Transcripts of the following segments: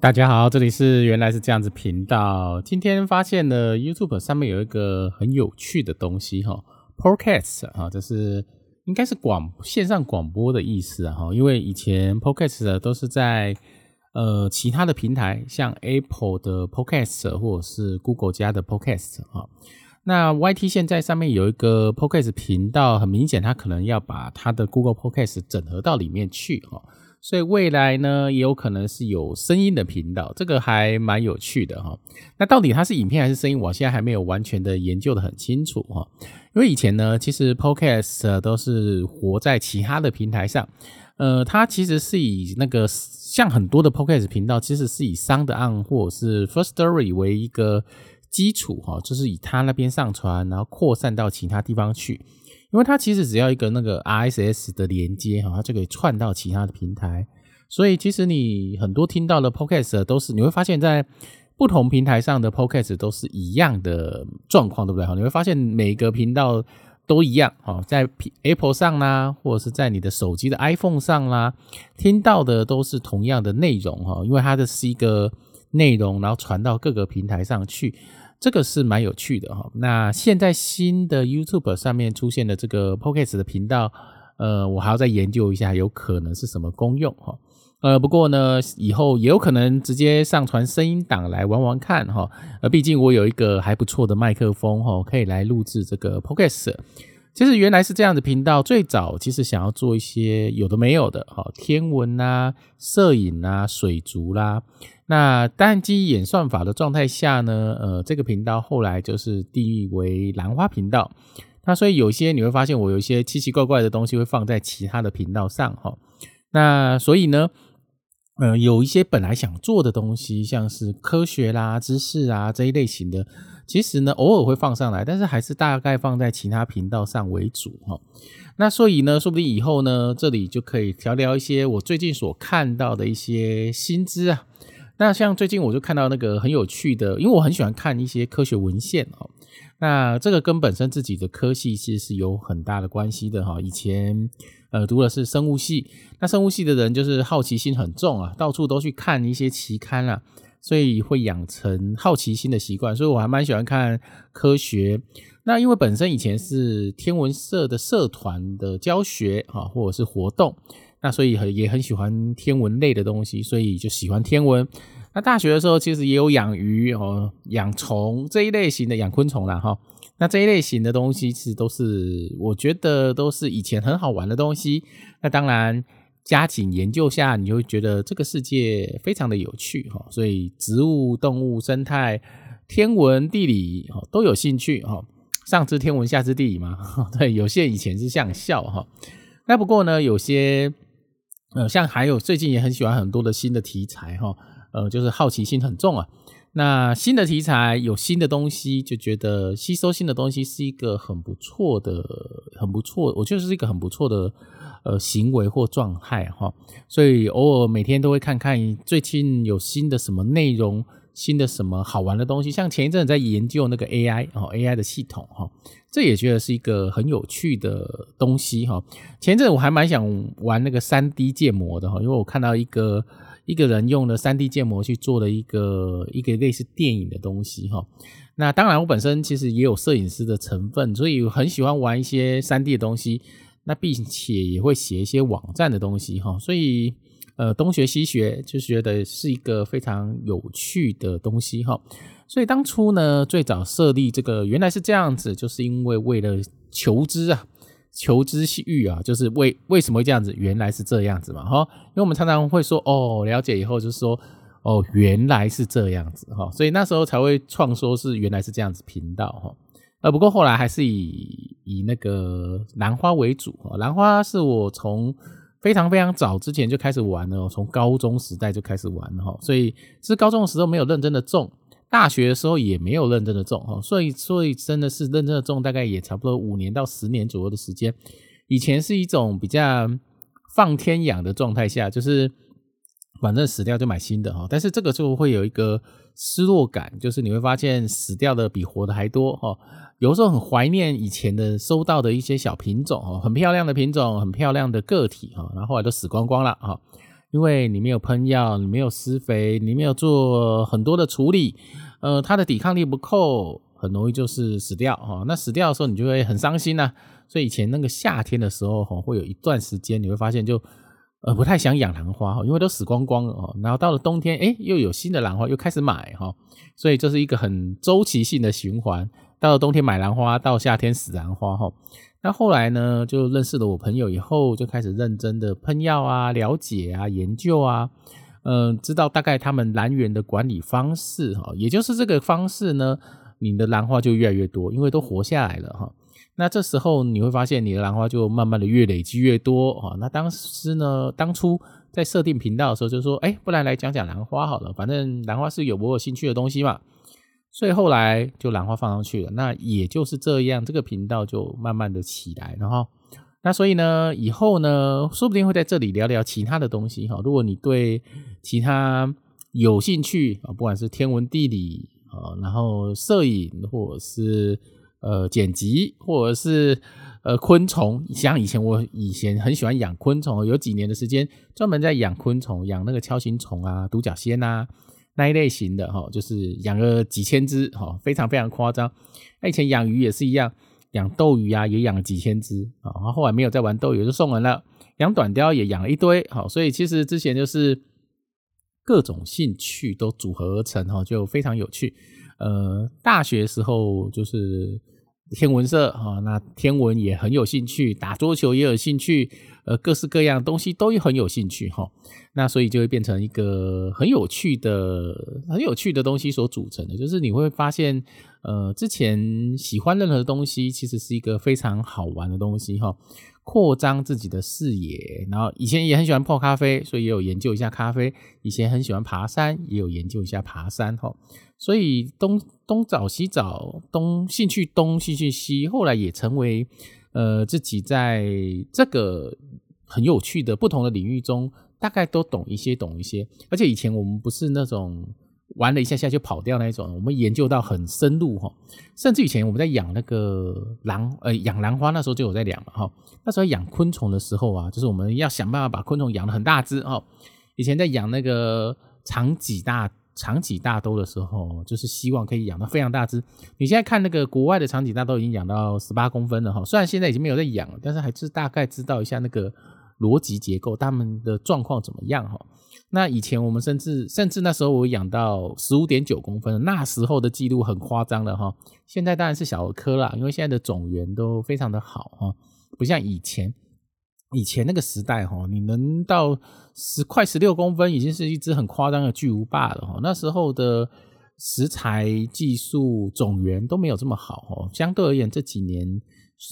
大家好，這裡是原來是這樣子頻道。今天發現了 YouTube 上面有一個很有趣的東西哈、哦，Podcast 啊、哦，這是應該是廣線上廣播的意思哈、哦。因為以前 Podcast 都是在呃其他的平台，像 Apple 的 Podcast 或者是 Google 家的 Podcast 啊、哦。那 YT 現在上面有一個 Podcast 頻道，很明顯它可能要把它的 Google Podcast 整合到裡面去哈。哦所以未來呢，也有可能是有聲音的頻道，這個還蠻有趣的哈、哦。那到底它是影片還是聲音？我現在還沒有完全的研究得很清楚哈、哦。因為以前呢，其實 Podcast 都是活在其他的平台上，呃，它其實是以那個像很多的 Podcast 頻道，其實是以 Sound On 或者是 First Story 為一個基礎哈、哦，就是以它那邊上傳，然後擴散到其他地方去。因為它其實只要一個那個 RSS 的連接哈，它就可以串到其他的平台，所以其實你很多聽到的 Podcast 都是你會發現，在不同平台上的 Podcast 都是一樣的狀況，對不對哈？你會發現每個頻道都一樣哈，在 Apple 上啦，或者是在你的手機的 iPhone 上啦，聽到的都是同樣的內容哈，因為它的是一個內容，然後傳到各個平台上去。這個是蠻有趣的哈。那現在新的 YouTube 上面出現的這個 Podcast 的頻道，呃，我還要再研究一下，有可能是什麼功用哈。呃，不過呢，以後也有可能直接上傳聲音檔來玩玩看哈。呃，畢竟我有一個還不錯的麥克風哈，可以來錄製這個 Podcast。其實原來是這樣的頻道，最早其實想要做一些有的沒有的，哈，天文啊、攝影啊、水族啦、啊。那單機演算法的狀態下呢，呃，這個頻道後來就是定義為蘭花頻道。那所以有些你會發現，我有一些奇奇怪怪的東西會放在其他的頻道上，哈。那所以呢，呃，有一些本來想做的東西，像是科學啦、知識啊，這一類型的，其實呢，偶爾會放上來，但是還是大概放在其他頻道上為主哈、哦。那所以呢，說不定以後呢，這裡就可以聊聊，聊一些我最近所看到的一些新知啊。那像最近我就看到那個很有趣的，因為我很喜歡看一些科學文獻哦。那這個跟本身自己的科系其實是有很大的關係的哈。以前呃讀的是生物系，那生物系的人就是好奇心很重啊，到處都去看一些期刊啊，所以會養成好奇心的習慣。所以我還蠻喜歡看科學。那因為本身以前是天文社的社團的教學啊，或者是活動。那所以很也很喜歡天文類的東西，所以就喜歡天文。那大學的時候其實也有養魚哦，養蟲這一類型的養昆蟲啦。哈、哦。那這一類型的東西其實都是我覺得都是以前很好玩的東西。那當然加緊研究下，你就會覺得這個世界非常的有趣哈、哦。所以植物、動物、生態、天文、地理、哦、都有興趣哈、哦。上知天文下知地理嘛、哦，對，有些以前是像笑哈、哦。那不過呢，有些。呃，像還有最近也很喜歡很多的新的題材哈、哦，呃，就是好奇心很重啊。那新的題材有新的東西，就覺得吸收新的東西是一個很不錯的，很不錯，我覺得是一個很不錯的呃行為或狀態哈、哦。所以偶爾每天都會看看最近有新的什麼內容。新的什麼好玩的東西？像前一陣在研究那個 AI 哦，AI 的系統哈，這也覺得是一個很有趣的東西哈。前一陣我還蠻想玩那個三 D 建模的哈，因爲我看到一個一個人用了三 D 建模去做了一個一個類似電影的東西哈。那當然我本身其實也有攝影師的成分，所以很喜歡玩一些三 D 的東西，那並且也會寫一些網站的東西哈，所以。呃，東學西學，就覺得是一個非常有趣的東西哈，所以當初呢，最早設立這個原來是這樣子，就是因為為了求知啊，求知欲啊，就是為為什麼會這樣子，原來是這樣子嘛哈，因為我們常常會說哦，了解以後就是說哦，原來是這樣子哈，所以那時候才會創說是原來是這樣子頻道哈，呃不過後來還是以以那個蘭花為主哈，蘭花是我從。非常非常早之前就開始玩了，從高中時代就開始玩了哈，所以是高中的時候沒有認真的種，大學的時候也沒有認真的種哈，所以所以真的是認真的種大概也差不多五年到十年左右的時間，以前是一種比較放天養的狀態下，就是。反正死掉就買新的，但是這個就會有一個失落感，就是你會發現死掉的比活的還多，有時候很懷念以前的收到的一些小品種哦，很漂亮的品種，很漂亮的個體，然後後來都死光光了，因為你沒有噴藥，你沒有施肥，你沒有做很多的處理，呃，它的抵抗力不夠，很容易就是死掉，那死掉的時候你就會很傷心吶、啊。所以以前那個夏天的時候，會有一段時間你會發現就。呃，不太想養蘭花，因為都死光光了哦。然後到了冬天，哎，又有新的蘭花，又開始買哈，所以這是一個很周期性的循環。到了冬天買蘭花，到夏天死蘭花哈。那後來呢，就認識了我朋友以後，就開始認真的噴藥啊、了解啊、研究啊，嗯、呃，知道大概他們蘭園的管理方式哈，也就是這個方式呢，你的蘭花就越來越多，因為都活下來了哈。那這時候你會發現你的蘭花就慢慢的越累積越多。那當時呢，當初在設定頻道的時候就說，哎，不然來講講蘭花好了，反正蘭花是有我有興趣的東西嘛。所以後來就蘭花放上去了。那也就是這樣，這個頻道就慢慢的起來。然後，那所以呢，以後呢，說不定會在這裡聊聊其他的東西哈。如果你對其他有興趣啊，不管是天文地理啊，然後攝影或者是。呃，剪輯或者是呃昆蟲，像以前我以前很喜歡養昆蟲，有幾年的時間專門在養昆蟲，養那個鍬形蟲啊、獨角仙吶、啊、那一類型的哈、哦，就是養了幾千隻哈、哦，非常非常誇張。那、啊、以前養魚也是一樣，養鬥魚啊也養了幾千隻啊、哦，後來沒有再玩鬥魚就送人了。養短鯛也養了一堆哈、哦，所以其實之前就是各種興趣都組合而成哈、哦，就非常有趣。呃，大學時候就是天文社、哦、那天文也很有興趣，打桌球也有興趣，呃，各式各樣的東西都有很有興趣、哦、那所以就會變成一個很有趣的、很有趣的東西所組成的，就是你會發現，呃，之前喜歡任何東西其實是一個非常好玩的東西哈，哦、擴張自己的視野。然後以前也很喜歡泡咖啡，所以也有研究一下咖啡。以前很喜歡爬山，也有研究一下爬山、哦所以東東找西找東興趣東興趣西，後來也成為，呃，自己在這個很有趣的不同的領域中，大概都懂一些，懂一些。而且以前我們不是那種玩了一下下就跑掉那一種，我們研究到很深入哈。甚至以前我們在養那個蘭，呃，養蘭花那時候就有在養了哈。那時候養昆蟲的時候啊，就是我們要想辦法把昆蟲養得很大只哈。以前在養那個長戟大長戟大兜的時候，就是希望可以養到非常大隻。你現在看那個國外的長戟大兜已經養到十八公分了哈，雖然現在已經沒有在養了，但是還是大概知道一下那個邏輯結構，它們的狀況怎麼樣哈。那以前我們甚至甚至那時候我養到十五點九公分，那時候的記錄很誇張了哈。現在當然是小兒科了，因為現在的種源都非常的好哈，不像以前。以前那個時代，哈，你能到十快十六公分，已經是一隻很誇張的巨無霸了，哈。那時候的食材、技術、種源都沒有這麼好，哈。相對而言，這幾年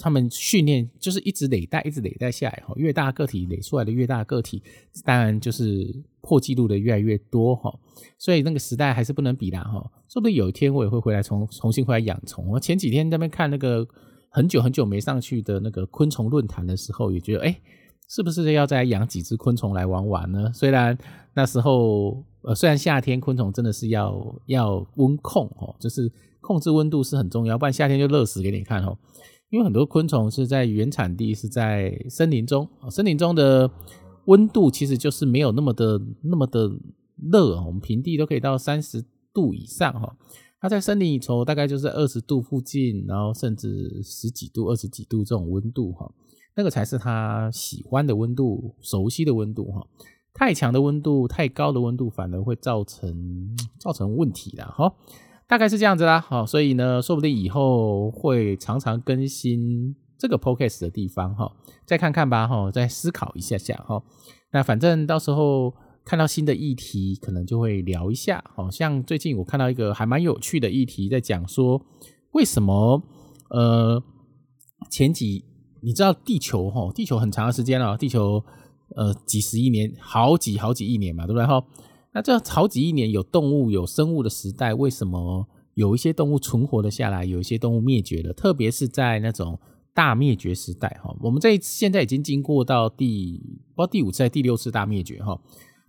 他們訓練就是一直累代，一直累代下來，哈。越大個體累出來的越大的個體，當然就是破紀錄的越來越多，哈。所以那個時代還是不能比的，哈。說不定有一天我也會回來重重新回來養蟲。前幾天在那邊看那個。很久很久沒上去的那個昆蟲論壇的時候，也覺得誒，欸，是不是要再養幾隻昆蟲來玩玩呢？雖然那時候，呃，雖然夏天昆蟲真的是要要溫控哦，就是控制溫度是很重要，不然夏天就熱死給你看哦。因為很多昆蟲是在原產地是在森林中，哦，森林中的溫度其實就是沒有那麼的那麼的熱，哦，我們平地都可以到三十度以上哈。哦他在森林裡頭，大概就是二十度附近，然後甚至十幾度，二十幾度這種溫度哈，那個才是他喜歡的溫度、熟悉的溫度哈。太強的溫度、太高的溫度，反而會造成造成問題啦哈。大概是這樣子啦哈，所以呢，說不定以後會常常更新這個 podcast 的地方哈，再看看吧哈，再思考一下下哈。那反正到時候。看到新的議題，可能就會聊一下。好像最近我看到一個還蠻有趣的議題在講，在講說為什麼呃前幾你知道地球哈，地球很長的時間了，地球呃幾十億年，好幾好幾億年嘛，對不對？哈，那這好幾億年有動物有生物的時代，為什麼有一些動物存活了下來，有一些動物滅絕了？特別是在那種大滅絕時代哈，我們在現在已經經過到第不知道第五次、還是第六次大滅絕哈。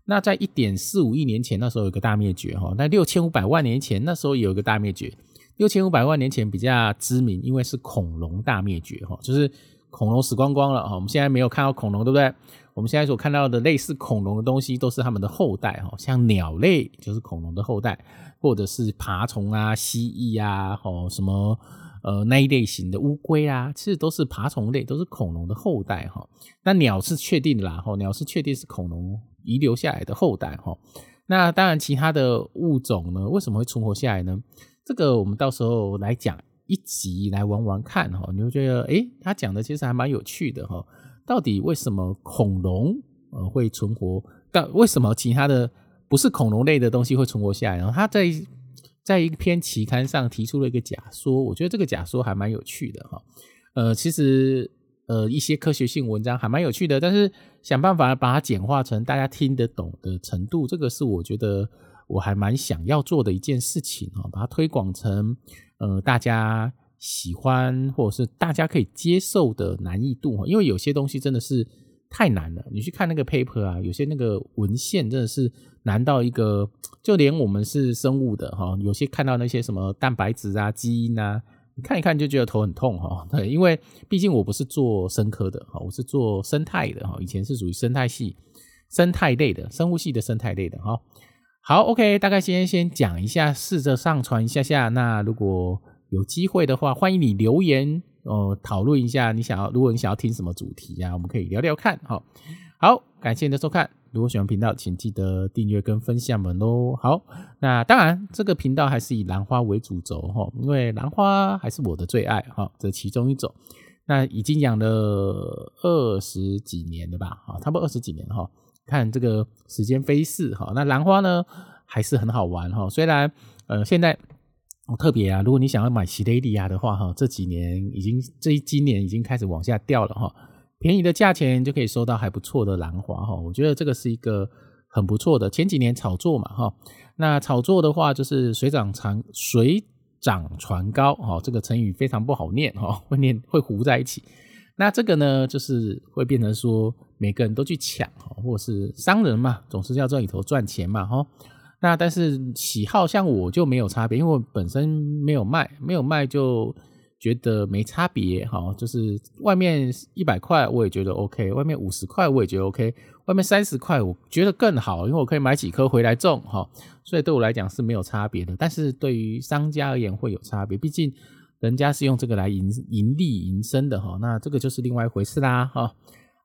那在一點四五億年前，那時候有個大滅絕哈。那六千五百萬年前，那時候有一個大滅絕。六千五百萬年前比較知名，因為是恐龍大滅絕哈，就是恐龍死光光了哈。我們現在沒有看到恐龍，對不對？我們現在所看到的類似恐龍的東西，都是它們的後代哈，像鳥類就是恐龍的後代，或者是爬蟲啊、蜥蜴啊，吼什麼呃那一類型的烏龜啊，其實都是爬蟲類，都是恐龍的後代哈。那鳥是確定的啦，吼鳥是確定是恐龍。遺留下來的後代哈，那當然，其他的物種呢，為什麼會存活下來呢？這個我們到時候來講一集來玩玩看哈，你會覺得哎，他講的其實還蠻有趣的哈。到底為什麼恐龍會存活？但為什麼其他的不是恐龍類的東西會存活下來？然後他在在一篇期刊上提出了一個假說，我覺得這個假說還蠻有趣的哈。呃，其實。呃，一些科學性文章還蠻有趣的，但是想辦法把它簡化成大家聽得懂的程度，這個是我覺得我還蠻想要做的一件事情，把它推廣成，呃，大家喜歡或者是大家可以接受的難易度，因為有些東西真的是太難了，你去看那個 paper 啊，有些那個文獻真的是難到一個，就連我們是生物的哈，有些看到那些什麼蛋白質啊、基因啊。看一看就覺得頭很痛哈，對，因為畢竟我不是做生科的哈，我是做生態的哈，以前是屬於生態系、生態類的，生物系的生態類的哈。好，OK，大概先先講一下，試着上傳一下下。那如果有機會的話，歡迎你留言哦，呃、討論一下你想要，如果你想要聽什麼主題啊，我們可以聊聊看。好，好，感謝你的收看。如果喜歡頻道，請記得訂閱跟分享們嘍。好，那當然，這個頻道還是以蘭花為主軸哈，因為蘭花還是我的最愛哈，這其中一種。那已經養了二十幾年了吧，差不多二十幾年哈。看這個時間飛逝哈，那蘭花呢還是很好玩哈，雖然呃現在我、哦、特別啊，如果你想要買西雷利亞的話哈，這幾年已經這今年已經開始往下掉了哈。便宜的價錢就可以收到還不錯的蘭花哈，我覺得這個是一個很不錯的。前幾年炒作嘛哈，那炒作的話就是水漲船水漲船高哈，這個成語非常不好念哈，會念會糊在一起。那這個呢，就是會變成說每個人都去搶哈，或者是商人嘛，總是要這裡頭賺錢嘛哈。那但是喜好像我就沒有差別，因為我本身沒有賣，沒有賣就。覺得沒差別，哈，就是外面一百塊我也覺得 OK，外面五十塊我也覺得 OK，外面三十塊我覺得更好，因為我可以買幾棵回來種，哈，所以對我來講是沒有差別的。但是對於商家而言會有差別，畢竟人家是用這個來盈盈利、營生的，哈，那這個就是另外一回事啦，哈。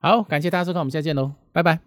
好，感謝大家收看，我們下次見嘍，拜拜。